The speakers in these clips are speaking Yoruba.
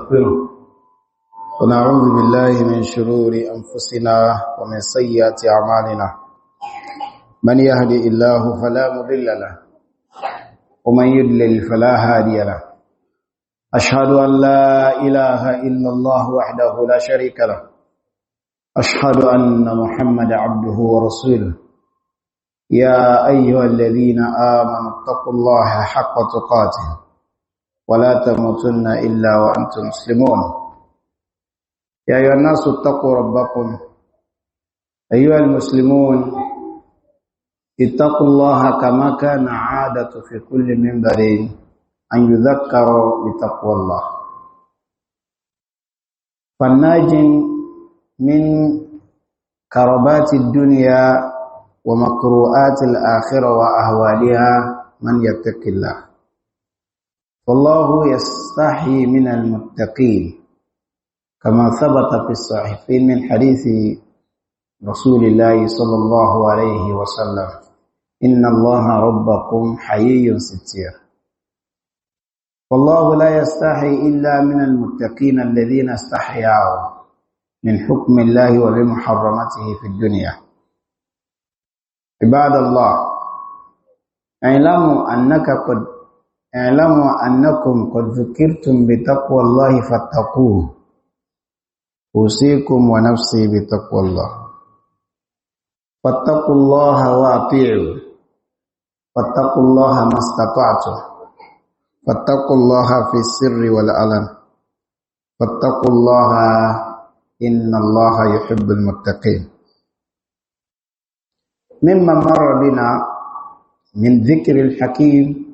نستغفره ونعوذ بالله من شرور أنفسنا ومن سيئات أعمالنا من يهدي الله فلا مضل له ومن يضلل فلا هادي له أشهد أن لا إله إلا الله وحده لا شريك له أشهد أن محمد عبده ورسوله يا أيها الذين آمنوا اتقوا الله حق تقاته ولا تموتن إلا وأنتم مسلمون يا أيها الناس اتقوا ربكم أيها المسلمون اتقوا الله كما كان عادة في كل منبر أن يذكروا بتقوى الله فالناج من كربات الدنيا ومكروآت الآخرة وأهوالها من يتق الله والله يستحي من المتقين كما ثبت في الصحيحين من حديث رسول الله صلى الله عليه وسلم إن الله ربكم حيي ستير والله لا يستحي إلا من المتقين الذين استحياوا من حكم الله ومن في الدنيا عباد الله اعلموا أنك قد اعلموا أنكم قد ذكرتم بتقوى الله فاتقوه أوصيكم ونفسي بتقوى الله فاتقوا الله وأطيعوا فاتقوا الله ما استطعتم فاتقوا الله في السر والعلن فاتقوا الله إن الله يحب المتقين مما مر بنا من ذكر الحكيم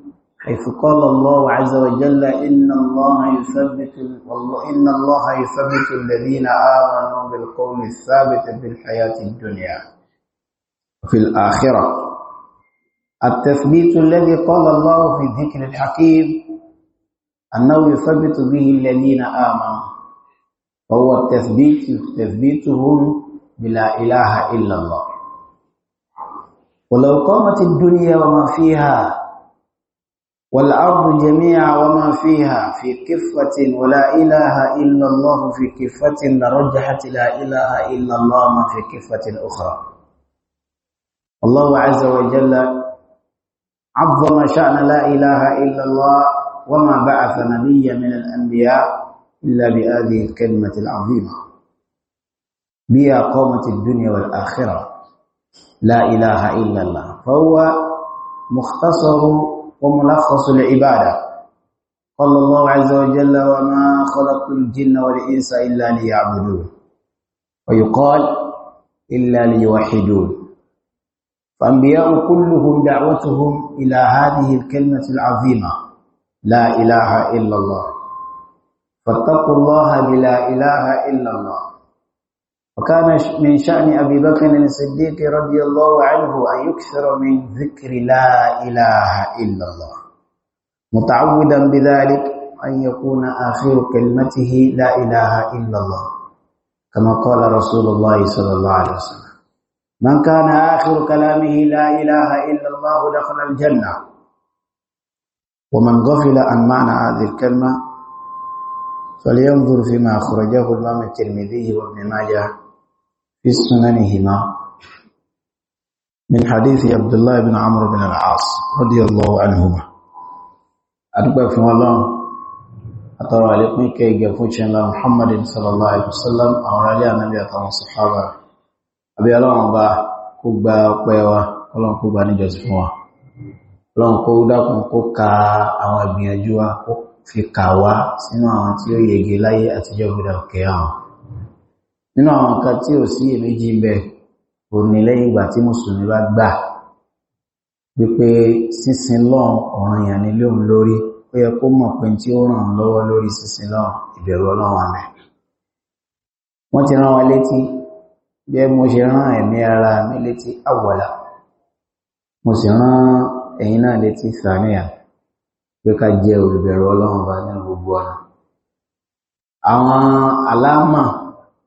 حيث قال الله عز وجل إن الله يثبت والله إن الله يثبت الذين آمنوا بالقول الثابت في الحياة الدنيا وفي الآخرة التثبيت الذي قال الله في الذكر الحكيم أنه يثبت به الذين آمنوا فهو التثبيت تثبيتهم بلا إله إلا الله ولو قامت الدنيا وما فيها والأرض جميعا وما فيها في كفة ولا إله إلا الله في كفة لرجحت لا إله إلا الله ما في كفة أخرى الله عز وجل عظم شأن لا إله إلا الله وما بعث نبيا من الأنبياء إلا بهذه الكلمة العظيمة بها قامت الدنيا والآخرة لا إله إلا الله فهو مختصر وملخص العبادة قال الله عز وجل وما خلقت الجن والإنس إلا ليعبدون ويقال إلا ليوحدون فأنبياء كلهم دعوتهم إلى هذه الكلمة العظيمة لا إله إلا الله فاتقوا الله بلا إله إلا الله وكان من شأن أبي بكر الصديق رضي الله عنه أن يكثر من ذكر لا إله إلا الله متعودا بذلك أن يكون آخر كلمته لا إله إلا الله كما قال رسول الله صلى الله عليه وسلم من كان آخر كلامه لا إله إلا الله دخل الجنة ومن غفل عن معنى هذه الكلمة فلينظر فيما أخرجه الإمام الترمذي وابن ماجه في من حديث عبد الله بن عمرو بن العاص رضي الله عنهما أدبا فما الله أترى عليكم كي يفوش الله محمد صلى الله عليه وسلم أولا النبي أترى الصحابة أبي الله أبا كوبا وقوة الله كوبا نجز فوا الله كوبا كوكا أو أبي أجوا fi kàwá sínú àwọn tí ó yege láyé àtijọ́ gbọ́dọ̀ kẹ́ àwọn nínú àwọn nǹkan tí ò sí èméjì bẹ ò ní lẹ́yìn ìgbà tí mùsùlùmí bá gbà wípé sísin lọ́n ọ̀ràn yàn ní lóun lórí ó yẹ kó mọ̀ pé tí ó ràn lọ́wọ́ lórí sísin lọ́n ìbẹ̀rù ọlọ́run àmì wọ́n ti rán wa létí bí mo ṣe rán ẹ̀mí ara mi létí àwọ̀là mo sì rán ẹ̀yin náà létí sàníyà pé ká jẹ́ olùbẹ̀rù ọlọ́run bá nínú gbogbo ọ̀nà àwọn aláàmà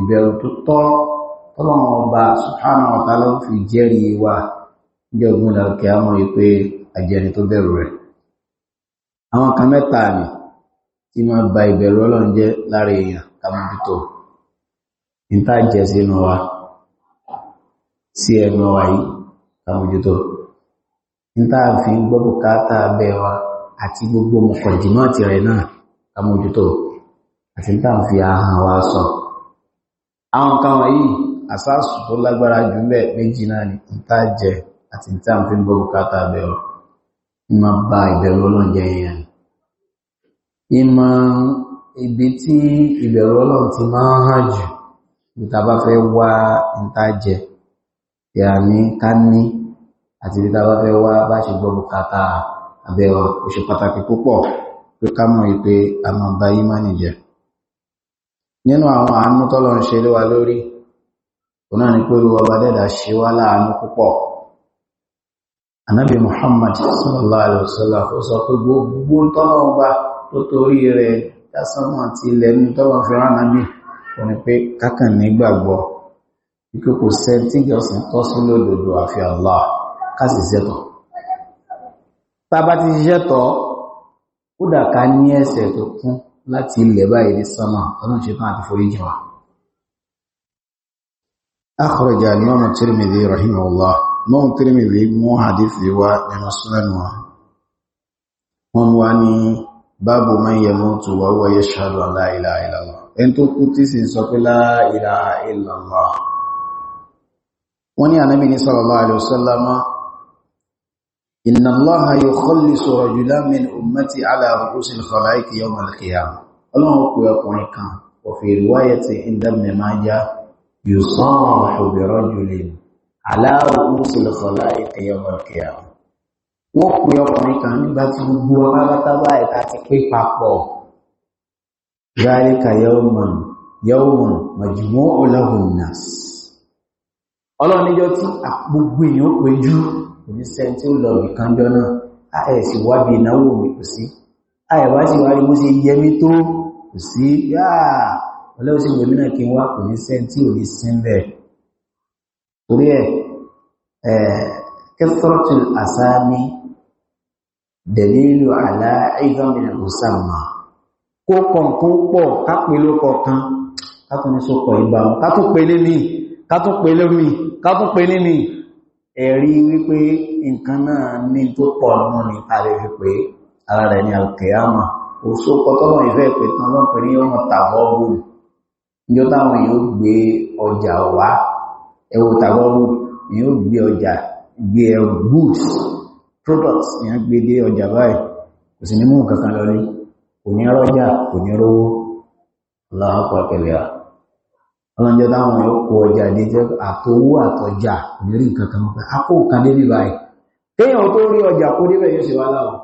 ìbẹ̀rù tó tọ́ tọ́lọ́run ọba subhanahu wa ta'ala ló fi jẹ́rìí wa níjọ́ ògùn làkè àmọ́ yìí pé àjẹni tó bẹ̀rù rẹ̀ àwọn kan mẹ́ta ni tí máa ba ìbẹ̀rù ọlọ́run jẹ́ lára èèyàn kàmójútó níta jẹ́ sínú wa sí ẹnu wa yìí kàmójútó níta ń gbọ́ fi ahọ́n wa sọ̀rọ̀ àwọn nǹkan wọ̀nyí àsásù tó lágbára jù mẹ́ méjì náà ni ìta jẹ àti ìta fi ń bọ́ bùkátà bẹ̀rọ ìmọ̀ bá ìbẹ̀rù jẹ èèyàn ibi tí ìbẹ̀rù ti máa ń hàn jù níta bá fẹ́ wá ìta jẹ ìràní ká ní àti níta bá fẹ́ wá bá ṣe gbọ́ bùkátà abẹ́rọ ó ṣe pàtàkì púpọ̀ pé ká nínú àwọn àánú tọ́lọ̀ ń ṣe léwa lórí kò náà ni pé olúwa bá dẹ́dà ṣe wá láàánú púpọ̀ anábì Muhammad sallallahu alaihi wasallam ó sọ pé gbogbo tọ́lọ̀ bá tó torí rẹ̀ dásánmọ̀ àti ilẹ̀ ní tọ́lọ̀ fi rán nábì kò Allah kásì ṣẹ́tọ̀ tá a bá ti ṣiṣẹ́ tọ́ kódà ní ẹsẹ̀ tó kún láti ilẹ̀ báyìí ní sánmà ọlọ́run ṣe tán àti forí jìnwà. Akọrọjà ni ọmọ Tirmidhi rahimahullah, mọ́n Tirmidhi mú hadithi wa nínú sunan wa. Wọ́n wá ní báàbù man yamutu wa huwa yashhadu an la ilaha illallah. Ẹn tó kú tí sì sọ pé la إن الله يخلص رجلا من أمتي على رؤوس الخلائق يوم القيامة الله يقول كان وفي رواية عند ابن ماجه يصاح برجل على رؤوس الخلائق يوم القيامة وقل يقول كان nígbà tí gbogbo ọba bàtà báyìí láti pé papọ̀ ذلك يوم يوم مجموع له الناس ọlọ́run níjọ́ tí gbogbo èèyàn péjú òjíṣẹ́ tí ó lọ ìkànjọ́ náà àẹ̀sì wábi ìnáwó mi kò sí àẹ̀wá sí wá rí mú sí yẹmí tó kò sí yáà ọlẹ́wọ́ sí ìwé mìíràn kí wá kò ní sẹ́ tí ò ní sí bẹ́ẹ̀ torí ẹ̀ kẹfọ́tù àsáàmì dẹ̀lílù àlá ìgbàmìnà òsàmà kó kọ̀ǹkan pọ̀ kápẹ́ ló kọ̀ọ̀kan kátún ní sọpọ̀ ìgbà kátún pé lé mi kátún pé lé mi kátún pé lé mi ẹ̀rí wípé nǹkan náà ní tó pọ̀ nínú ni a lè fi pé ara rẹ̀ ní alkeyama òṣù kọtọ́nà ìfẹ́ pé tán lọ́n pè ní ọmọ tàbọ́bù níjọ́ táwọn èèyàn gbé ọjà wá ẹwọ tàbọ́bù èèyàn gbé ọjà gbé goods products èèyàn gbé dé ọjà báyìí kò sì ní mú nǹkan kan lọlé kò ọlọ́njọ́ táwọn yóò kó ọjà déjọ́ àtowó àtọjà ìrírí nǹkan kan pẹ́ akó nǹkan débi báyìí téèyàn tó rí ọjà kó débẹ̀ yóò ṣe hmm. wá láwọ̀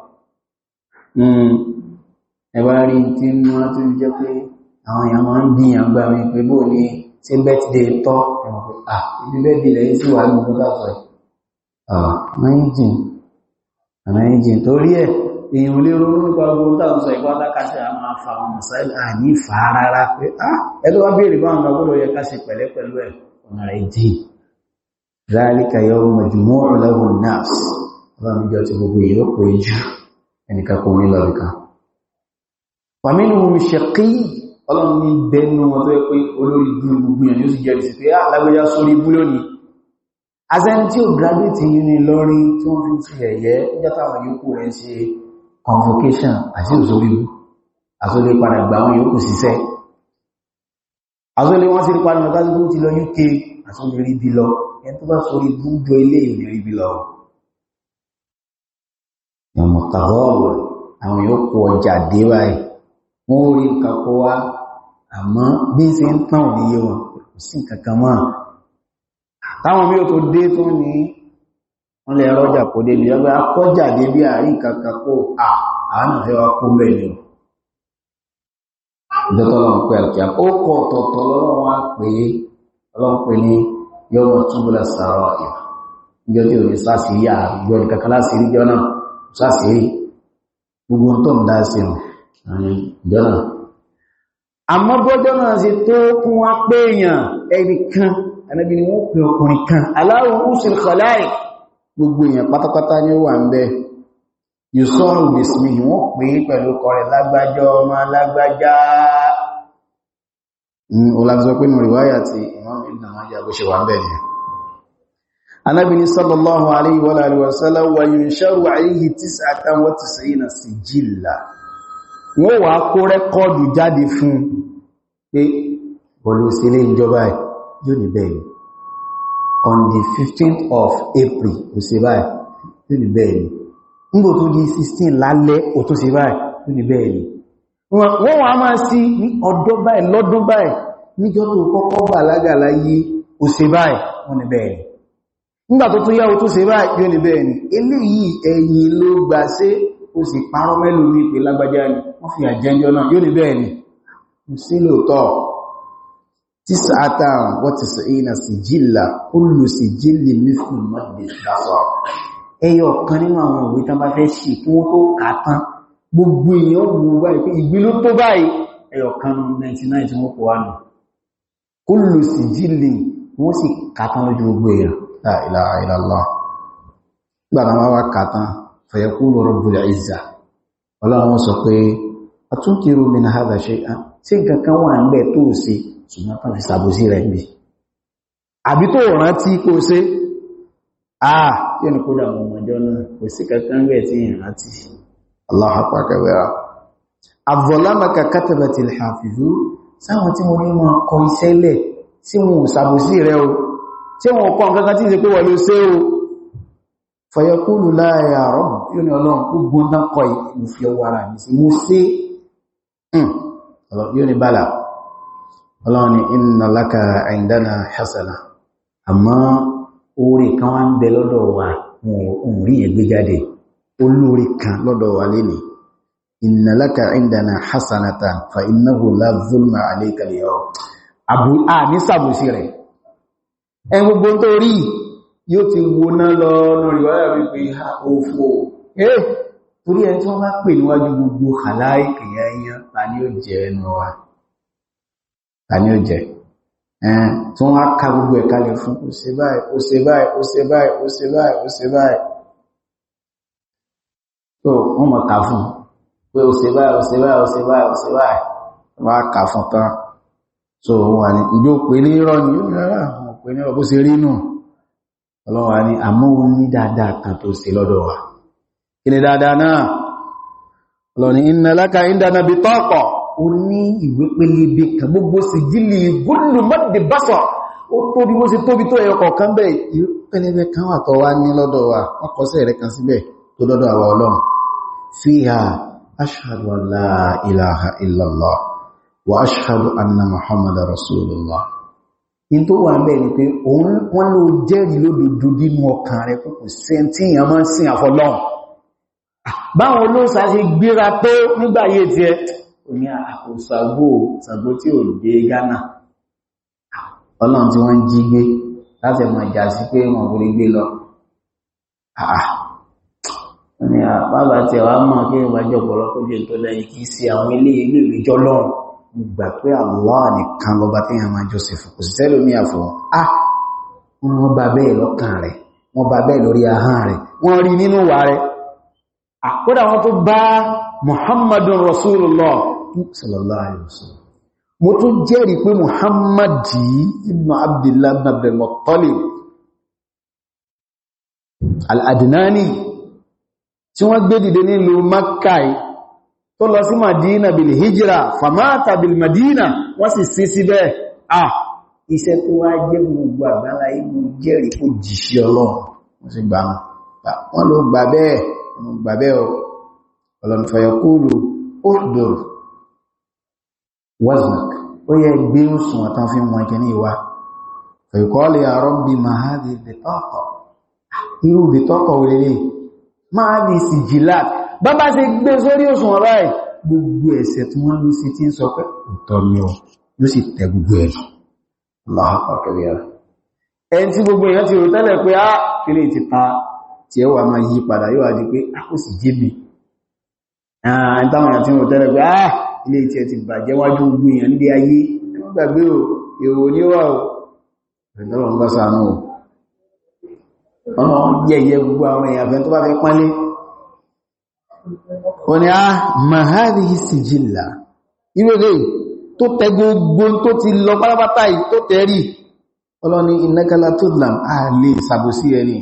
ẹ bá rí tí wọ́n tó jẹ́ pé àwọn èèyàn máa ń bíyàn gbà mí pé bó ni ṣe bẹ́tìdé tọ́ ẹ̀mọ̀ pé à ibi bẹ́ẹ̀dì lẹ́yìn sí wà ní ọjọ́ àtọ̀ ẹ̀ èèyàn lè ronú nípa gbogbo dáàmùsọ ìpátá káṣẹ a máa fa àwọn mùsáìlì àní fa rárá pé á ah, ẹlọ́ wá béèrè báwọn agbọ́dọ̀ yẹ káṣẹ pẹ̀lẹ́ pẹ̀lú ẹ̀ ọ̀nà rẹ̀ dì ráríkà yọ mọ̀jùmọ́ ọ̀lẹ́wọ̀n náà ọlọ́mìjọ ti gbogbo ìyókò ìjú ẹnìkàkùn ní lọ́ríkà pàmínú ṣẹ̀kí ọlọ́mì bẹnu wọn tó yẹ pé olórí bú gbogbo èèyàn yóò sì jẹ́ ìsìnkú ah, azẹ́ni tí ó graduate yìí ní lọ́rí tí wọ́n fi ń ṣe ẹ̀yẹ játàwọn yókù rẹ̀ ṣe convocation àti òṣòrí àṣọlé padà gbà wọn yóò kù síṣẹ́ àṣọlé wọ́n sí rí padà mọ̀ká tó ti lọ UK àṣọlé rí bí lọ ẹn tó bá sórí bújọ ilé ìlérí bí lọ ìmọ̀tàwọ̀wọ̀ àwọn yóò kó ọjà dé báyìí wọ́n rí nǹkan wọ́n lè rọ́jà kò débi ọgbẹ́ akọ́jà débi àrí kankan kó àánà ẹwà kó mẹ́lẹ̀ ìdọ́tọ́lọ́ ń pẹ́ àkíyà ó kọ́ ọ̀tọ̀ọ̀tọ̀ lọ́wọ́ wá pé ọlọ́run pé ní yọ́mọ̀ túbúlà sàárọ̀ ìwà ìjọ tí ò ní sáàsìrí àjọ ìkankan láṣìírí jọ náà sáàsìrí gbogbo tó ń dá sí ìjọ náà àmọ́ gbọ́jọ́ náà sí tó kún wá pé èèyàn ẹnìkan ẹnìbìnrin wọ́n pè ọkùnrin kan aláwọ̀ ó sì kọ̀láì gbogbo èèyàn pátápátá ní ó wà ń bẹ yùsọ́rù bìsìmì wọ́n pè é pẹ̀lú kọrẹ̀ lágbájọ́ ọmọ lágbájá olàgbọ́ hmm, pé nù ríwáyà ti Imam Ibn Majah bó ṣe wà ń bẹ ni alayhi wa on the fifteenth of April ó ṣe báyìí tó ní bẹ́ẹ̀ ni nígbò tó di 16 lálẹ́ ó tó ṣe báyìí tó ní bẹ́ẹ̀ ni wọ́n wọ́n a máa sí ní ọdọ́ báyìí lọ́dún báyìí níjọ́ tó kọ́kọ́ bàlágà láyé ó ṣe báyìí wọ́n ní bẹ́ẹ̀ ni nígbà tó tó yá ó tó ṣe báyìí yóò ní bẹ́ẹ̀ ni eléyìí ẹ̀yìn ló gbà ṣe ó sì parọ́ mẹ́lú ní ìpè ni wọ́n fi àjẹ́jọ́ náà yóò ní bẹ́ẹ̀ ni kò sí lóòótọ́ tis'ata wa tis'ina sijilla kullu sijillin mithlu maddi basar ẹyọ kan nínú àwọn n'i ma bá fẹ́ ṣì kí wọ́n tó kà gbogbo èèyàn wo báyìí pé ìgbín ló tó báyìí ẹyọ kan 99 tí wọ́n kò wá nù kullu sijillin wọ́n sì kà tán lójú gbogbo èèyàn la ilaha illallah gbàdá máa wá kà tán fayaqulu rabbul izza sọ pé atunkiru min hadha shay'an sí nǹkan kan wà ń bẹ̀ tó ṣùgbọ́n kàrì sàbòsí rẹ̀ bí àbí tó rántí kó ṣe àà tí ó ní kó dàwọn ọmọdé náà kò sí kankan rẹ̀ tí ìrántí aláhàpàkẹwẹ́ra àvọ̀lámàkà kátàbàtì ìhàfìlú sáwọn tí wọ́n ní wọn kọ iṣẹ́lẹ̀ tí wọn sàbòsí rẹ̀ o tí wọn kọ nǹkan tí ìsẹ́pẹ́ wọ́n ló ṣe o fàyẹkúlù láàyà rọ̀ ọlọ́run ni inna laka indana hasana àmọ́ oore kan wá ń bẹ lọ́dọ̀ wa òun rí ẹgbẹ́ jáde olóore kan lọ́dọ̀ wa lénìí inna laka indana hasanatan fa innahu la zulma alayka al-yawm àbú àmì sàbòsí rẹ̀ ẹ gbogbo tó rí yóò ti wọná lọ lórí torí ẹni tí wọ́n bá pè níwájú gbogbo àláìkìyà ẹyàn ta ni ó jẹ́ ẹnu wa tani ó jẹ ẹn tí wọ́n á ka gbogbo ẹ̀ kalẹ̀ fún ó ṣe báyìí ó ṣe báyìí ó báyìí ó báyìí tó wọ́n mọ̀ ká fún pé ó ṣe báyìí ó báyìí ó báyìí ó báyìí wọ́n á fún tán so wà ní ìjó pé ní rọ ní ó rárá àwọn pé ní ọbó ṣe rí nù ọlọ́wà ní àmọ́ ó ní dáadáa tó ṣe ni dáadáa ó ní ìwé pélébé kan gbogbo sì jílì gúnlù mọ́dé básọ̀ ó tóbi bó ṣe tóbi tó ẹyọ kọ̀ọ̀kan bẹ́ẹ̀ ìwé pélébé kan wà tọ́ wá ní lọ́dọ̀ wa wọ́n kọsẹ̀ rẹ̀ kan síbẹ̀ tó lọ́dọ̀ àwa ọlọ́run ashhadu an ilaha illallah wa ashhadu anna muhammadar rasulullah in tó wà bẹ́ẹ̀ ni pé wọ́n ló jẹ́rìí lódodo nínú ọkàn rẹ̀ kò sẹ́ntí ìyàn máa ń sin báwọn olóòsà ṣe gbéra tó nígbàyé ti ẹ ó ní àkóṣàgbò ah, ṣàgbó tí ò dé Ghana ah, ọlọ́run tí wọ́n ń jí gbé láti mọ̀ ìjà sí pé wọ́n kò rí gbé lọ ah, ní àbábà tí ẹwà mọ̀ kí ìwà jọ pọ̀lọpọ̀ jẹ́ tó lẹ́yìn kìí sí àwọn ilé ilé ìjọ lọ́run gbà pé Allah nìkan lọba tí yàn máa sallallahu alaihi wasallam mo tún jẹ́rìí pé muhammadi ibn abdullah ibn abdul muttalib al-adnani tí wọ́n gbé dìde nílùú makkah tó lọ sí madina bil hijra famata bil madina wọ́n sì sí síbẹ̀ ah iṣẹ́ tó wá jẹ́ gbogbo àgbálá igun jẹ́rìí kó jìṣẹ́ ọlọ́run wọ́n sì gbà waznak ó yẹ gbé òsùn àtàn fi wọn kì ní ya fẹ̀kọ́lẹ̀ àrọ́bí mahadi bẹ̀tọ́kọ̀ Iru bẹ̀tọ́kọ̀ olèlè mahadi sì jìlá bábá ṣe gbé sórí òsùn ọ̀rọ̀ ẹ̀ gbogbo ẹ̀ṣẹ̀ tí wọ́n ló sí tí ń sọ pé ìtọ́ ni ọ yóò sì tẹ gbogbo ẹ̀ ẹni tí gbogbo èèyàn ti rò tẹ́lẹ̀ pé á kéré ti ta tí ẹ wà máa yí padà yóò wá di pé á kò sì jébì ààrín táwọn èèyàn ti rò tẹ́lẹ̀ pé á ilé tí ẹ ti bàjẹ́ wájú ogun èèyàn nílé ayé ẹmọ́ gbàgbé o èrò oníwà o ìtọ́lọ̀ ń bá sàánú o ọmọ yẹ̀yẹ gbogbo àwọn èèyàn fẹ́ tó bá fẹ́ pánlé o ni a ah, mahari sijilla ìrere tó tẹ gbogbo tó ti lọ pátápátá yìí tó tẹ́rì ọlọ́ni ìnákàlá tó làm á lè sàbòsí ẹni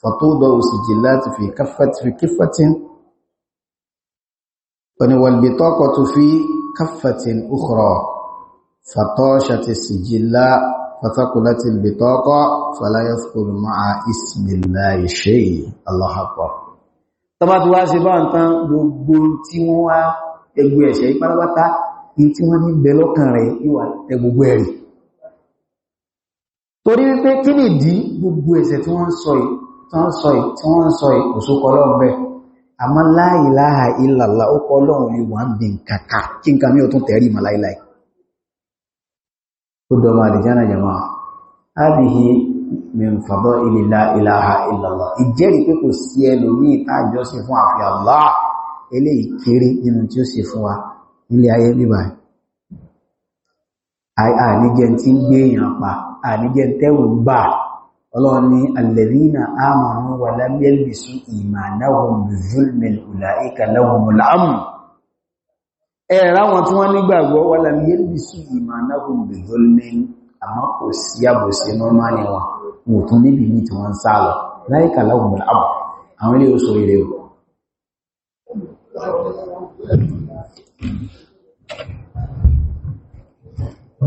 fọ̀tó dọ̀ òsìjìlá ti fi káfàtí wani walbitaqatu fi kaffatin ukhra fatashat as-sijilla fataqulat al-bitaqa fala yadhkur ma'a ismillahi shay Allahu akbar tọ́bá tó wá sí bá ń tán gbogbo tí wọ́n wá ẹgbẹ́ ẹ̀ṣẹ̀ ìpálápátá in tí wọ́n ní bẹ lọ́kàn rẹ̀ ìwà ẹgbogbo ẹ̀rì torí wípé kí nìdí gbogbo ẹ̀ṣẹ̀ tí wọ́n ń sọ yìí tí wọ́n sọ yìí òṣùkọ́ lọ́gbẹ̀ẹ́ àmọ́ la ilaha illallah ó kọ́ lọ́wọ́ ní wà ń bí nkàkà kí n kàmí ọ̀tún tẹ̀rí ma láìláì min fadaili la ilaha illallah ìjẹ́rìí pé kò sí Allah eléyìí kéré nínú tí ó sì fún wa nílé ayé bíbá àníjẹ́ tí ń ọlọ́run ní alladhina amanu wa lam yalbisu imanahum bizulmin ulaika lahumul amn ẹ̀rá wọn tí wọ́n nígbàgbọ́ wa lam yalbisu imanahum bizulmin àmọ́ kò sí àbòsí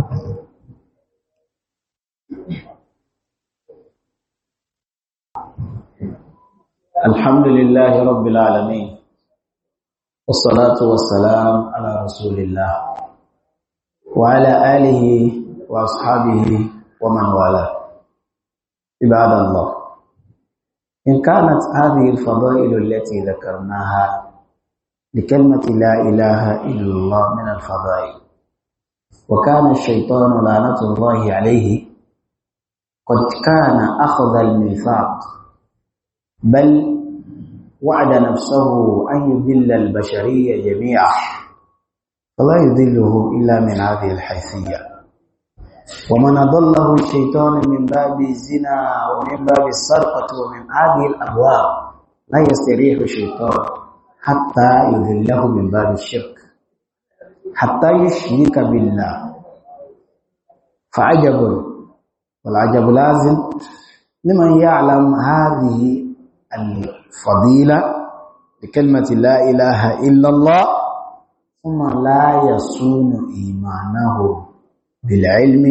Thank you. الحمد لله رب العالمين والصلاة والسلام على رسول الله وعلى آله وأصحابه ومن والاه عباد الله إن كانت هذه الفضائل التي ذكرناها لكلمة لا إله إلا الله من الفضائل وكان الشيطان لعنة الله عليه قد كان أخذ الميثاق بل وعد نفسه أن يذل البشرية جميعا فلا يذله إلا من هذه الحيثية ومن أضله الشيطان من باب الزنا ومن باب السرقة ومن هذه الأبواب لا يستريح الشيطان حتى يذله من باب الشرك حتى يشرك بالله فعجب والعجب لازم لمن يعلم هذه الفضيلة بكلمة لا إله إلا الله ثم لا يصون إيمانه بالعلم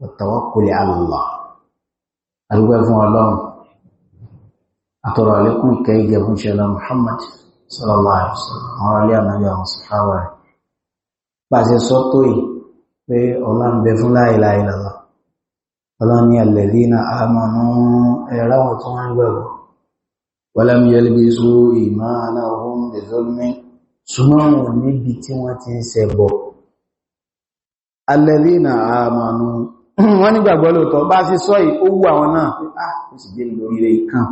والتوكل على الله أرجو فون الله أترى لكم كي يكون شاء محمد صلى الله عليه وسلم وعلى النبي والصحابة بعد صوتي pé ọlá ń bẹ fún láìláìlọ́lọ́ ọlọ́ni alẹ́dínà àmọ́nú ẹ̀rọ àwọn tó wọ́n gbẹ̀gbọ́ wọ́lá mi yẹ́lẹ́ bí só ìmá aláwọ̀n ìzọ́lùmí súnmọ́wọ̀n níbi tí wọ́n ti ń ṣẹbọ alẹ́lẹ́nà àmànú wọ́n nígbàgbọ́ lóòtọ́ bá sí sọ ìkówú àwọn náà pé ah ó sì gbé lórí rẹ̀ ìkan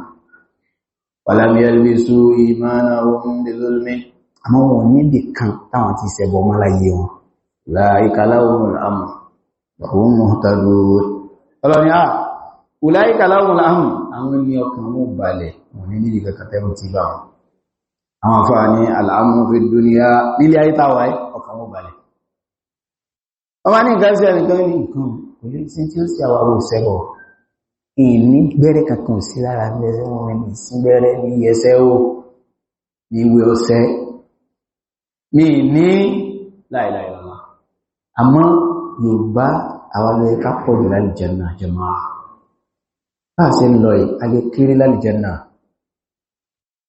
wọ́lá mi yẹ́lẹ́ bí só ìmá aláwọ̀n ìzọ́lùmí àmọ́ wọn níbi kan táwọn ti ṣẹbọ mọ́láyé wọn láìka láwọn àmọ̀ ọ̀hún ọlọ́ni ah Ùláìkà láwọn láàmù àwọn ní ọkàn mú balẹ̀ wọn ní nílì kankan tẹ́rù ti bá wọn. Àwọn afọ́ ní àlàámù fi dúníyà nílé ayé táwà ọkàn mú balẹ̀. Ọmọ ní nǹkan sí ẹnìkan ní nǹkan òjú sí tí ó sì àwárò ìṣẹ́bọ̀. Ìní gbẹ́rẹ́ kankan sí bá ṣe ń lọ yìí alékéré lálìjẹ́nà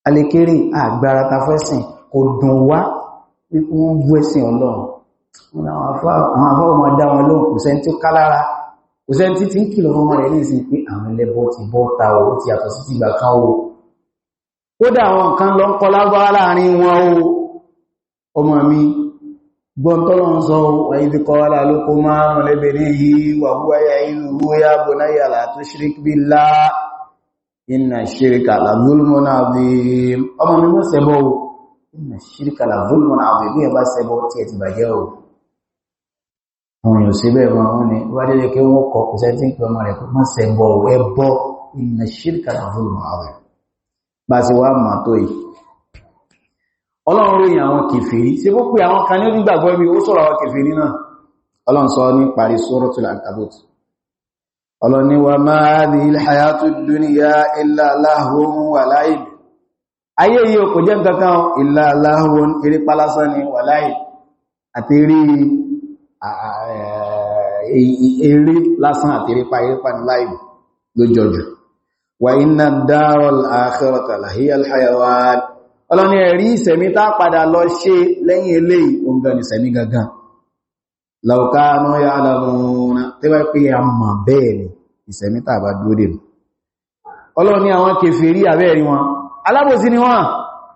alékéré àgbára ta fẹ́sìn kò dùn wá wípé wọ́n bú ẹ̀sìn ọlọ́run wọn àwọn afọ́ ọmọ dá wọn lóhùn kò sẹ́ni tí ó ká lára kò sẹ́ni tí tí ń kìlọ̀ ọmọ rẹ̀ léèsì pé àwọn ẹlẹ́bọ ti bọ́ ta o ti yàtọ̀ sí ti gbà kan o kódà àwọn nǹkan lọ ń kọ lágbára láàrin wọn o ọmọ mi gbọ́ntọ́lọ́n sọ wàídí kọ́wàlá lókó máa rùn lẹ́bẹ̀ ní yìí wà húwá ya inú hú ya bò náà yàlá tó ṣírík bí lá iná ṣíríkà làbúlmọ́ náà bí ọmọ mímọ́ sẹ́bọ̀ iná ṣíríkà làbúlmọ́ náà bí bíyà bá sẹ́bọ̀ tí o wọn yóò sí bẹ́ẹ̀ wọn ní wájú lè kí wọ́n kọ kò sẹ́tí pé ọmọ ọlọ́run ròyìn àwọn kèfèrí ṣe bó pé àwọn kan ní onígbàgbọ́ ibi ó sọ̀rọ̀ àwọn kèfèrí náà ọlọ́run sọ ní parí suratul Ankabut ọlọ́run ní wa ma hadhihil hayatud dunya illa lahwun wa la'ib ayé yìí ò kò jẹ́ nǹkankan illa lahwun eré pálásán ni wa la'ib àti eré eré lásán àti eré wa inna ad akhirata lahiyal hayawan ọlọ́ni ẹ̀rí ìsẹ̀mí tá padà lọ ṣe lẹ́yìn ilé òǹgan ìsẹ̀mí gangan láùká mọ́ ya aláwọ̀n tí wá pé a mọ̀ bẹ́ẹ̀ ni ìsẹ̀mí tá bá dúró dè ọlọ́ni àwọn kèfèrí àbẹ́ẹ̀rí wọn alábòsí ni wọ́n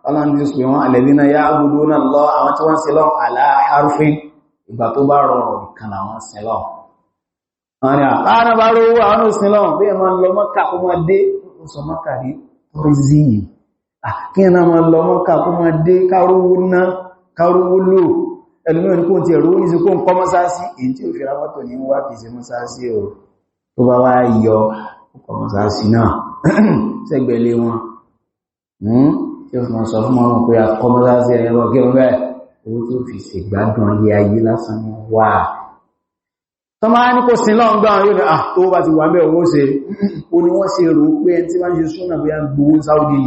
ọlọ́ni sọ wọn alẹ́dínà ya agbúdó náà lọ àwọn tí wọ́n sílọ aláhárúfin ìgbà tó bá rọrùn kan ah, àwọn Ah, kí ẹ̀nà ma lọ mọ́ká kó ma dé kárówó ná kárówó lò ẹlùmí òní kó ti ẹ̀rọ ní sí kó ń kọ́ mọ́sáàsí èyí tí ó fi ráwọ́tò ní wá kì sí mọ́sáàsí o tó bá wá yọ ọkọ̀ mọ́sáàsí náà sẹ́gbẹ̀lé wọn tí hmm? ó ma sọ fún wọn pé akọ́ mọ́sáàsí ẹ̀rọ kí wọ́n bẹ́ẹ̀ owó tó fi ṣègbádùn ilé ayé lásán wà tọ́ máa ní kò sí lọ́ngbọ́n yóò ní àtọ́wọ́ ah, bá ti o ni wọ́n ṣe rò pé ẹni tí wọ́n ṣe súnà bí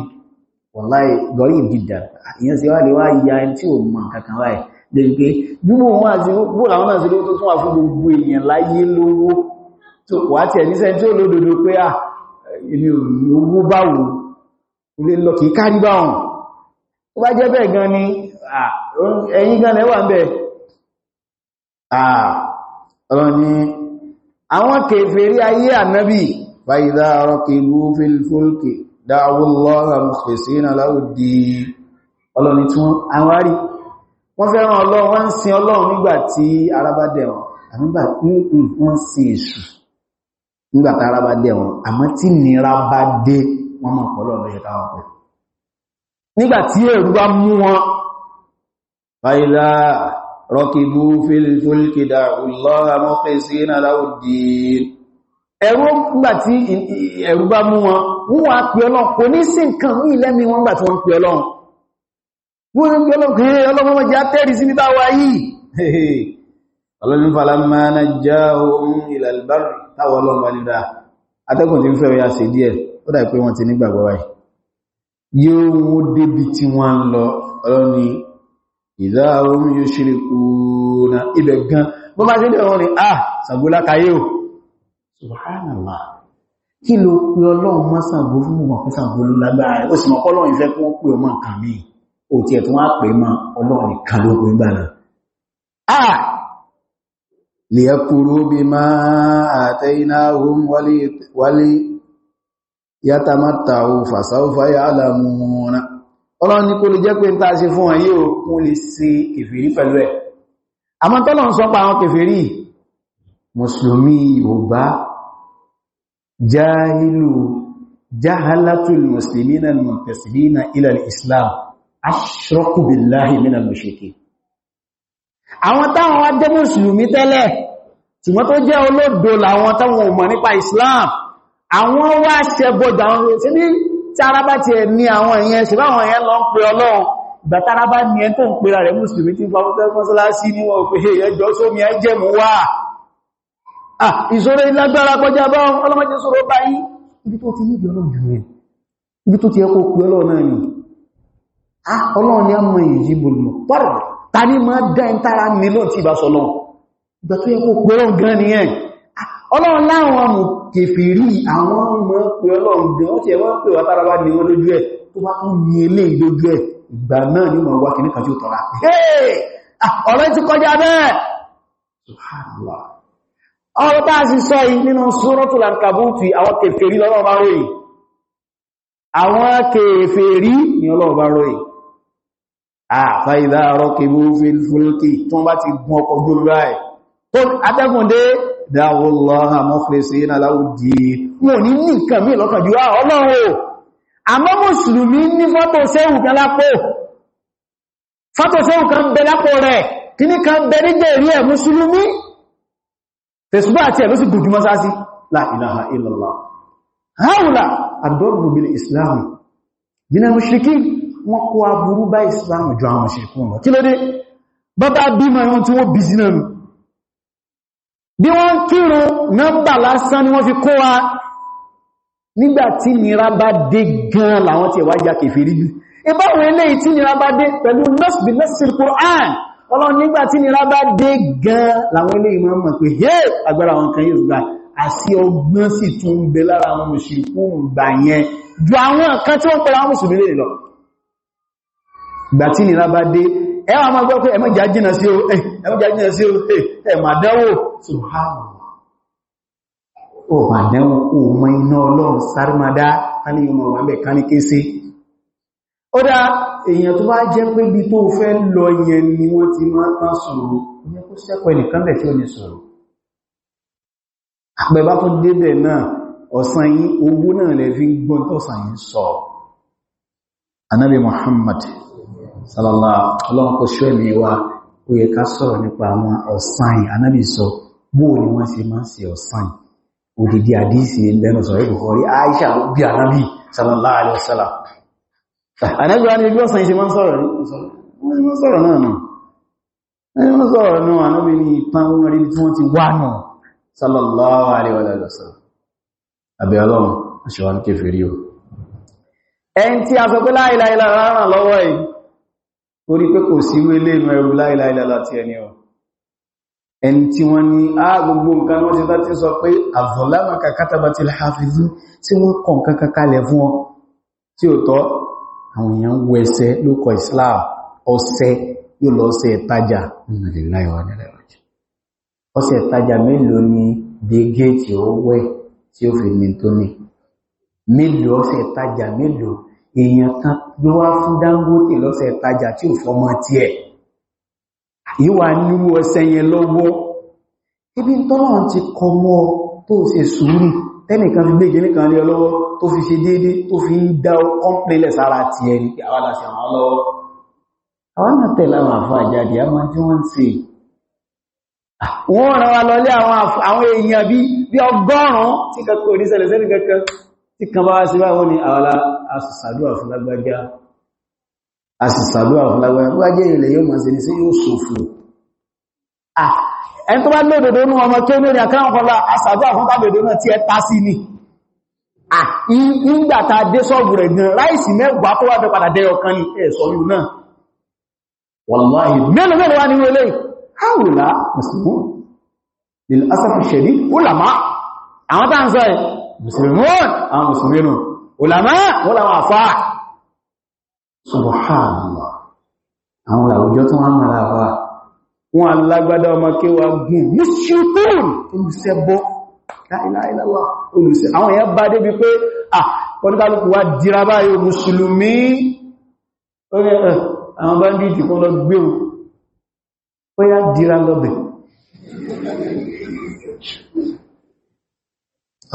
wàláì gọ́rí ìdìdà ìyẹn sí wá lè wá ya ẹni tí ò mọ̀ kankan wáyé lèrí pé gbogbo wọn àti gbogbo àwọn náà sí ló tó tún wà fún gbogbo èèyàn láyé lówó tó wà tí ẹni sẹ́ni tí ó lódodo pé à ah, ilé owó báwo ilé lọ kìí kárí báwọn ó bá jẹ́ bẹ́ẹ̀ gan ni ah, ẹ̀yin gan lẹ́wà ń bẹ̀ ah, ọ̀rọ̀ ni àwọn kèfèrí ayé ànábì fàyídá ọ̀rọ̀ dáwọ́ lọ́rọ̀ mọ̀fẹ̀sí náà láwùdí ọlọ́ni tí wọ́n àwárí wọ́n fẹ́ràn ọlọ́run wọ́n ń sin ọlọ́run nígbà tí ara bá dẹ̀ wọ́n àmúgbà wọ́n sin èṣù nígbà tí ara bá dẹ̀ wọ́n àmọ́ tí nira bá dé wọ́n mọ̀ pọ̀ lọ́rọ̀ yẹta wọn pẹ̀ nígbà tí èrú bá mú wọn fàílà rọkìbú fílfúlkìdà ọlọ́rọ̀ mọ̀fẹ̀sí ẹ̀rú nígbà tí ẹ̀rú bá mú wọn wọ́n wá pè ọlọ́run kò ní sí nǹkan ní ilẹ́mi wọn gbà tí wọ́n pè ọlọ́run wọ́n ní pè ọlọ́run kìí ọlọ́run mọ́ jẹ́ tẹ́rì sí bíbá wa yìí ọlọ́run falamma najjahum ila al-barri táwọn ọlọ́run wà nídá atẹ́kùn tí ni idha hum yushrikuna ibẹ̀ gan bó bá ṣe dẹ̀ wọ́n ni ah sàgbólákayé ò subhanallah kí ló pè ọlọ́run mọ́ Ṣàngó fún mọ̀ fún Ṣàngó ló lágbára rẹ̀ ó sì mọ̀ kọ́lọ́run ìfẹ́ kún pé ọmọ nǹkan mi ò tí ẹ̀ tó wá pè mọ́ ọlọ́run nìkan ló pè gbà náà àà lè ẹkùrú bí máa àtẹ́ináhùn wálé yátamátàwò fàsáúfà yálàmùnà ọlọ́run ní kó lè jẹ́ pé ń tàà sí fún wọn yóò kún lè ṣe kèfèrí pẹ̀lú ẹ̀ àmọ́ tọ́lọ́run sọ pa àwọn kèfèrí mùsùlùmí Yorùbá jahilu jahalatul muslimina almuntasibina ila alislam ashraku billahi min almushrikin àwọn táwọn wá jẹ́ mùsùlùmí tẹ́lẹ̀ ṣùgbọ́n tó jẹ́ olódo làwọn táwọn ò mọ̀ nípa islam àwọn wá ṣẹbọ̀dà àwọn rẹ̀ sí ní tàrábá ti ẹ̀ ní àwọn èèyàn ṣe báwọn èèyàn lọ ń pè ọlọ́run ìgbà tàrábá ní ẹ tó ń pè rẹ̀ mùsùlùmí tí fọ́nṣọ́lá sí níwọ̀n pé ẹjọ́ sómi ẹjẹ́ mú wà ah ìṣòro ìlágbára kọjá bá ọlọ́mọdé sọ̀rọ̀ bá yí ibi tó ti níbi ọlọ́run jù rẹ̀ ibi tó ti ẹkọ́ pẹ̀ ọlọ́run náà ni ah ọlọ́run ni a mọ̀ èyí bọ̀lọ̀ pọ̀rọ̀ ta ní máa dá ń tára nílò tí ni ẹ̀ ah, ọlọ́run láwọn ọmọ kèfèrí àwọn ọmọ pẹ̀ ọlọ́run gan ó ti ẹwọ́n pè wá tára bá ní wọn lójú ẹ̀ tó bá ni mọ̀ wá kìnnìkan tí ó tọ́ra ah, ọ̀rẹ́ ti kọjá ọ̀rọ̀ bá sì sọ yìí nínú Suratul Ankabuti àwọn kèfèrí lọ́wọ́ bá ròyìn àwọn kèfèrí ni ọlọ́wọ́ bá ròyìn àfà idha rakibu fil fulki tó bá ti gún ọkọ̀ gbólúrá ẹ̀ tó atẹ́gùn dé da'ullaha mukhlisina lahud ah, àmọ́ mùsùlùmí ní fọ́tò kan lápò fọ́tò kan bẹ lápò rẹ̀ kí ní kan bẹ nígbẹ̀rí ẹ̀ mùsùlùmí tẹ̀sùbá àti ẹ̀lọ́sì gùn jùmọ́ sáà sí la ilaha illallah haula àdọ́rùn bil islam nínú mùsùlùkí wọ́n kó aburú bá islam jọ àwọn mùsùlùkún lọ kí ló dé bàbá bí ma yọ́n tí wọ́n bí sí náà bí wọ́n kírun nọ́mbà lásán ni wọ́n fi kó wa nígbàtí nira bá dé gan làwọn tí ẹ̀wà kèfèrí bí ìbáwọn eléyìí tí nira bá dé pẹ̀lú nọ́sì ọlọ́run nígbà tí nira bá dé gan láwọn ilé ìmọ̀ mọ̀ pé yẹ́ agbára àwọn kan yóò gbà àti ọgbọ́n sì tún ń bẹ lára àwọn mùsùlùmí ń gbà yẹn ju àwọn kan tí wọ́n pẹ̀lú àwọn mùsùlùmí lè lọ ìgbà tí nira bá dé ẹ wá máa gbọ́ pé ẹmọ́ o ẹmọ́ ìjà jìnà sí o ẹ mà dánwò tó ha ò mà dánwò ò mọ iná ọlọ́run sáré máa dá tánìyàn mọ̀ wà bẹ̀ ó dá èèyàn tó bá jẹ́ pé bí tó fẹ́ lọ yẹn ni wọ́n ti máa ń sọ̀rọ̀ ní kó sẹ́kọ̀ ẹnìkan bẹ̀ tí ó ní sọ̀rọ̀ àpẹbá tó débẹ̀ náà ọ̀sán yí owó náà lẹ fi gbọ́n tó sàn yí sọ anábi Muhammad sallallahu ọlọ́run kò ṣọ́ ẹ̀mí wa ó yẹ ká sọ̀rọ̀ ni wọ́n ṣe máa ń ṣe ọ̀sán yìí òdìdí Aisha bí anábi sallallahu alaihi wasallam ànẹ́gbà ní ibi ọ̀sán ìṣe máa ń sọ̀rọ̀ ní sọ̀rọ̀ náà nù ẹni wọ́n sọ̀rọ̀ ní ànábì ní ìtàn wọn rí tí wọ́n ti wà náà sallallahu alaihi wa sallam àbí ọlọ́run aṣọ́wọ́n kéfèrí o ẹni tí a sọ pé la ilaha illa Allah ràn lọ́wọ́ ẹ̀ orí pé kò sí wélé inú ẹrù la ilaha illa Allah ti ẹni ọ ẹni tí wọ́n ní á gbogbo nǹkan wọ́n ti láti sọ pé àzọ̀lámà kàkátàbà ti lè hafizú tí wọ́n kọ̀ǹkan kakalẹ̀ fún ọ tí ò tọ́ àwọn èèyàn ń wo ẹsẹ̀ lókọ Islam ọ̀sẹ̀ yóò lọ ọ̀sẹ̀ ìtajà ọ̀sẹ̀ ìtajà mélòó ni gègé tí tí ó fi mi tó ní mélòó ọ̀sẹ̀ ìtajà mélòó èèyàn kan ló wá fún Dangote lọ́sẹ̀ ìtajà tí ò fọmọ tiẹ̀ ìwà nínú ọ̀sẹ̀ yẹn lọ́wọ́ ibi tọ́lọ́run ti kọ mọ́ tó ṣe sùúrù tẹ́nìkan fi gbéje nìkan lé ọlọ́wọ́ tó fi ṣe déédé tó fi ń dá kọ́mplélẹ̀ sára ti ẹni pé àwọn àṣà àwọn ọlọ́wọ́ àwọn náà tẹ̀lé àwọn àfọ́ àjáde àwọn tí wọ́n ń ṣe wọ́n rán wa lọlé àwọn èèyàn bí bí ọgọ́rùn-ún tí kankan oníṣẹ́lẹ̀ sẹ́ni kankan tí kan bá wá sí báwọn ni àwọlá asùsàdúwà fún lágbájá asùsàdúwà fún lágbájá ẹni tó bá lóòdòdó ní ọmọ kí ó lórí àkáwọn kọlá asàdó àfúntàbèdó náà tí ẹ tá sí ní ìgbàta dé sọ́ọ̀bù rẹ̀ gan ráìsì mẹ́wàá tó wá bẹ padà dẹ ọ̀kan ní ẹ̀sọ́ yìí náà wàláhì mélòó mélòó wá ní ilé haula muslimun lil asaf shadid ulama àwọn tá ń sọ ẹ̀ muslimun àwọn muslimun ulama wọ́n làwọn àfá subhanallah àwọn làwùjọ tó wọ́n mara wa wọn alágbádá ọmọ kéwà gùn mùsùlùmí olùsẹ́bọ́ láìláìláwà olùsẹ́ àwọn èèyàn bá débi pé à pọ́nìkálùkù wá dìra báyìí mùsùlùmí àwọn bá ń bí ìdìkan lọ gbéhùn ó yá dìra lọ́bẹ̀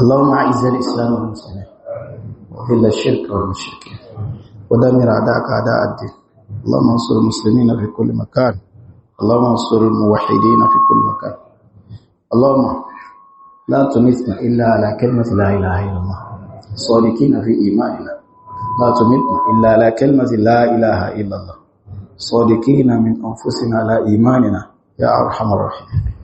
اللهم أعز الإسلام والمسلمين وذل الشرك والمشركين اللهم انصر المسلمين في كل مكان اللهم انصر الموحدين في كل مكان اللهم لا تمتنا إلا على كلمة لا إله إلا الله صادقين في إيماننا لا تمتنا إلا على كلمة لا إله إلا الله صادقين من أنفسنا على إيماننا يا أرحم الراحمين